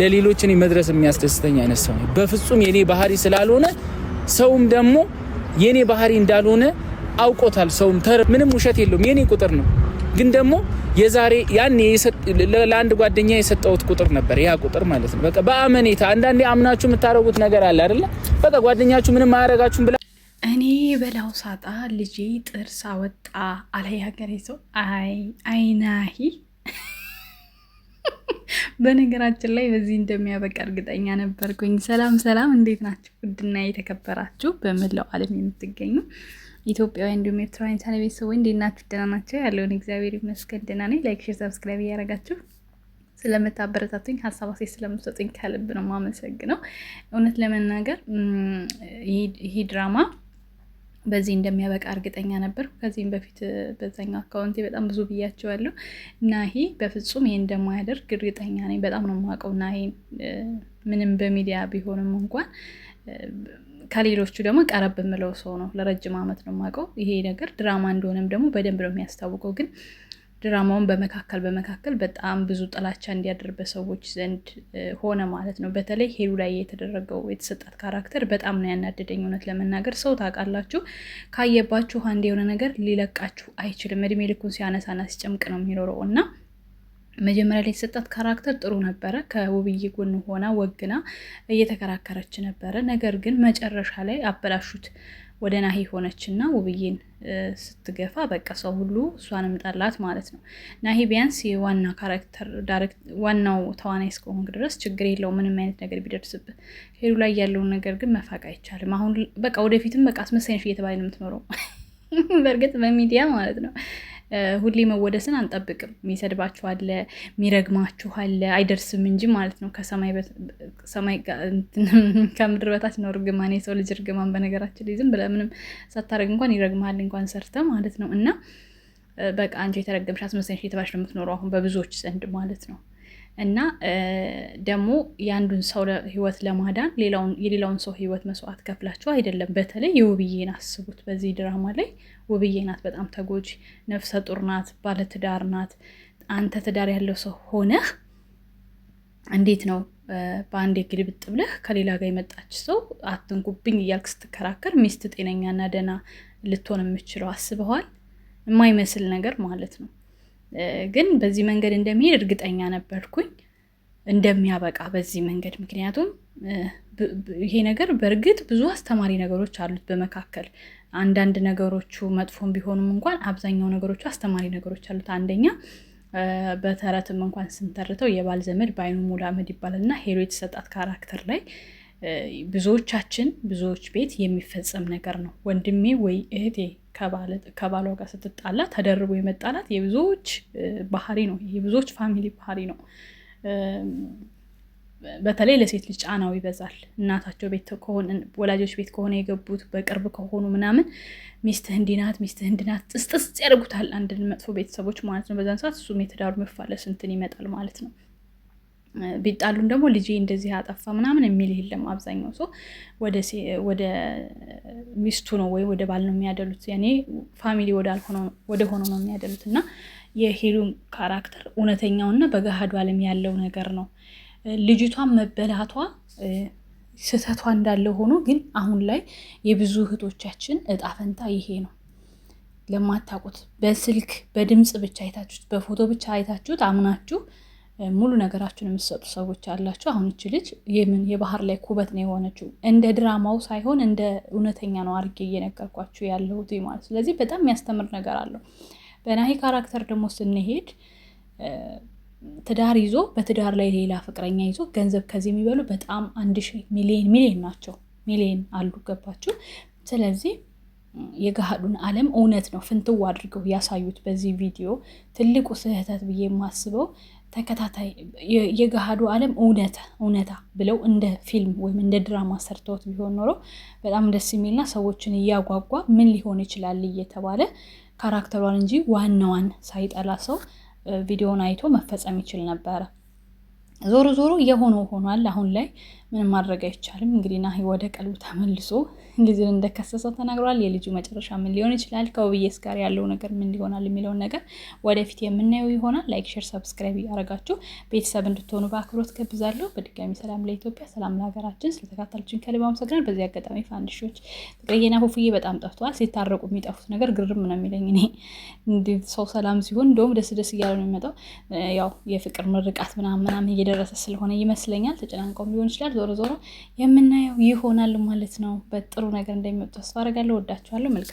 ለሌሎች እኔ መድረስ የሚያስደስተኝ አይነት ሰው ነኝ። በፍጹም የኔ ባህሪ ስላልሆነ ሰውም ደግሞ የኔ ባህሪ እንዳልሆነ አውቆታል። ሰውም ምንም ውሸት የለውም። የኔ ቁጥር ነው ግን ደግሞ የዛሬ ያን ለአንድ ጓደኛ የሰጠውት ቁጥር ነበር። ያ ቁጥር ማለት ነው በቃ በአመኔታ አንዳንዴ አምናችሁ የምታደርጉት ነገር አለ አይደለ? በቃ ጓደኛችሁ ምንም አያረጋችሁም ብላ እኔ በላው ሳጣ ልጄ ጥርስ አወጣ አላይ ሀገሬ ሰው አይ አይናሂ በነገራችን ላይ በዚህ እንደሚያበቃ እርግጠኛ ነበርኩኝ። ሰላም ሰላም፣ እንዴት ናችሁ? ውድና የተከበራችሁ በመላው ዓለም የምትገኙ ኢትዮጵያውያን እንዲሁም ኤርትራውያን ቻናል ቤተሰቦች እንዴት ናችሁ? ደህና ናቸው ያለውን እግዚአብሔር ይመስገን ደህና ነኝ። ላይክ፣ ሼር፣ ሰብስክራይብ እያደረጋችሁ ስለምታበረታቱኝ ሀሳብ አሴት ስለምሰጡኝ ከልብ ነው ማመሰግነው። እውነት ለመናገር ይሄ ድራማ በዚህ እንደሚያበቃ እርግጠኛ ነበር ከዚህም በፊት በዛኛው አካውንት በጣም ብዙ ብያቸዋለሁ። ናሂ በፍጹም ይሄ እንደማያደርግ እርግጠኛ ነኝ። በጣም ነው የማውቀው ና ምንም በሚዲያ ቢሆንም እንኳን ከሌሎቹ ደግሞ ቀረብ የምለው ሰው ነው። ለረጅም ዓመት ነው የማውቀው። ይሄ ነገር ድራማ እንደሆነም ደግሞ በደንብ ነው የሚያስታውቀው ግን ድራማውን በመካከል በመካከል በጣም ብዙ ጥላቻ እንዲያድር በሰዎች ዘንድ ሆነ ማለት ነው። በተለይ ሄሉ ላይ የተደረገው የተሰጣት ካራክተር በጣም ነው ያናደደኝ። እውነት ለመናገር ሰው ታውቃላችሁ፣ ካየባችሁ አንድ የሆነ ነገር ሊለቃችሁ አይችልም። እድሜ ልኩን ሲያነሳና ሲጨምቅ ነው የሚኖረው እና መጀመሪያ ላይ የተሰጣት ካራክተር ጥሩ ነበረ። ከውብዬ ጎን ሆና ወግና እየተከራከረች ነበረ። ነገር ግን መጨረሻ ላይ አበላሹት። ወደ ናሂ ሆነችና ውብዬን ስትገፋ በቃ ሰው ሁሉ እሷንም ጠላት ማለት ነው። ናሂ ቢያንስ የዋና ካራክተር ዋናው ተዋናይ እስከሆንክ ድረስ ችግር የለው ምንም አይነት ነገር ቢደርስብህ። ሄሉ ላይ ያለውን ነገር ግን መፋቅ አይቻልም። አሁን በቃ ወደፊትም በቃ አስመሳይነሽ እየተባለ ነው የምትኖረው በእርግጥ በሚዲያ ማለት ነው። ሁሌ መወደስን አንጠብቅም። የሚሰድባችሁ አለ፣ የሚረግማችሁ አለ። አይደርስም እንጂ ማለት ነው ከሰማይ ከምድር በታች ነው እርግማን። የሰው ልጅ እርግማን በነገራችን ላይ ዝም ብለህ ምንም እንኳን ይረግማል እንኳን ሰርተህ ማለት ነው እና በቃ አንቺ የተረገምሽ አስመሳይሽ የተባለሽ ነው የምትኖረው አሁን በብዙዎች ዘንድ ማለት ነው። እና ደግሞ የአንዱን ሰው ህይወት ለማዳን የሌላውን ሰው ህይወት መስዋዕት ከፍላችሁ አይደለም። በተለይ የውብዬን አስቡት። በዚህ ድራማ ላይ ውብዬ ናት በጣም ተጎጂ፣ ነፍሰ ጡር ናት፣ ባለትዳር ናት። አንተ ትዳር ያለው ሰው ሆነህ እንዴት ነው በአንድ ግልብጥ ብለህ ከሌላ ጋር የመጣች ሰው አትንኩብኝ እያልክ ስትከራከር ሚስት ጤነኛና ደህና ልትሆን የምችለው አስበዋል? የማይመስል ነገር ማለት ነው። ግን በዚህ መንገድ እንደሚሄድ እርግጠኛ ነበርኩኝ እንደሚያበቃ በዚህ መንገድ። ምክንያቱም ይሄ ነገር በእርግጥ ብዙ አስተማሪ ነገሮች አሉት በመካከል አንዳንድ ነገሮቹ መጥፎም ቢሆኑም እንኳን አብዛኛው ነገሮቹ አስተማሪ ነገሮች አሉት። አንደኛ በተረትም እንኳን ስንተርተው የባል ዘመድ በአይኑ ሙላመድ ይባላል እና ሄሎ የተሰጣት ካራክተር ላይ ብዙዎቻችን ብዙዎች ቤት የሚፈጸም ነገር ነው። ወንድሜ ወይ እህቴ ከባሏ ጋር ስትጣላ ተደርቦ የመጣላት የብዙዎች ባህሪ ነው። የብዙዎች ፋሚሊ ባህሪ ነው። በተለይ ለሴት ልጅ ጫናው ይበዛል። እናታቸው ቤት ከሆነ ወላጆች ቤት ከሆነ የገቡት በቅርብ ከሆኑ ምናምን ሚስትህ እንዲናት ሚስትህ እንዲናት ጥስጥስ ያደርጉታል። አንድን መጥፎ ቤተሰቦች ማለት ነው። በዛን ሰዓት እሱም የትዳሩ መፋለስ እንትን ይመጣል ማለት ነው። ቢጣሉም ደግሞ ልጄ እንደዚህ አጠፋ ምናምን የሚል የለም። አብዛኛው ሰው ወደ ሚስቱ ነው ወይም ወደ ባል ነው የሚያደሉት። ያኔ ፋሚሊ ወደ ሆኖ ነው የሚያደሉት እና የሄሉን ካራክተር እውነተኛውና በገሃዱ ዓለም ያለው ነገር ነው። ልጅቷን መበላቷ ስህተቷ እንዳለ ሆኖ ግን አሁን ላይ የብዙ እህቶቻችን እጣ ፈንታ ይሄ ነው። ለማታውቁት በስልክ በድምፅ ብቻ አይታችሁት በፎቶ ብቻ አይታችሁት አምናችሁ ሙሉ ነገራችሁን የምትሰጡ ሰዎች አላችሁ። አሁን እች ልጅ የምን የባህር ላይ ኩበት ነው የሆነችው። እንደ ድራማው ሳይሆን እንደ እውነተኛ ነው አድርጌ እየነገርኳችሁ ያለሁት ማለት። ስለዚህ በጣም የሚያስተምር ነገር አለው። በናሂ ካራክተር ደግሞ ስንሄድ ትዳር ይዞ በትዳር ላይ ሌላ ፍቅረኛ ይዞ ገንዘብ ከዚህ የሚበሉ በጣም አንድ ሺህ ሚሊዮን ሚሊዮን ናቸው ሚሊዮን አሉ። ገባችሁ? ስለዚህ የገሃዱን ዓለም እውነት ነው ፍንትው አድርገው ያሳዩት። በዚህ ቪዲዮ ትልቁ ስህተት ብዬ የማስበው ተከታታይ የገሃዱ ዓለም እውነት እውነታ ብለው እንደ ፊልም ወይም እንደ ድራማ ሰርተውት ቢሆን ኖሮ በጣም ደስ የሚልና ሰዎችን እያጓጓ ምን ሊሆን ይችላል እየተባለ ካራክተሯን እንጂ ዋናዋን ሳይጠላ ሰው ቪዲዮን አይቶ መፈጸም ይችል ነበረ። ዞሮ ዞሮ የሆነው ሆኗል አሁን ላይ ምንም ማድረግ አይቻልም። እንግዲህ ናሂ ወደ ቀልቡ ተመልሶ ሊዝን እንደከሰሰው ተናግሯል። የልጁ መጨረሻ ምን ሊሆን ይችላል፣ ከውብዬስ ጋር ያለው ነገር ምን ሊሆናል የሚለውን ነገር ወደፊት የምናየው ይሆናል። ላይክ፣ ሼር፣ ሰብስክራይብ እያደረጋችሁ ቤተሰብ እንድትሆኑ በአክብሮት ከብዛለሁ በድጋሚ ሰላም ለኢትዮጵያ፣ ሰላም ለሀገራችን። ስለተካተላችሁን ከልብ አመሰግናለሁ። በዚህ አጋጣሚ ፋንድሾች ፍቅርዬና ፉፉዬ በጣም ጠፍተዋል። ሲታረቁ የሚጠፉት ነገር ግርም ነው የሚለኝ እኔ። ሰው ሰላም ሲሆን እንደውም ደስ ደስ እያለ ነው የሚመጣው። ያው የፍቅር ምርቃት ምናምን ምናምን እየደረሰ ስለሆነ ይመስለኛል ተጨናንቀውም ሊሆን ይችላል ዞሮ ዞሮ የምናየው ይሆናል ማለት ነው። በጥሩ ነገር እንደሚመጡ ተስፋ አደርጋለሁ። ወዳችኋለሁ። መልካም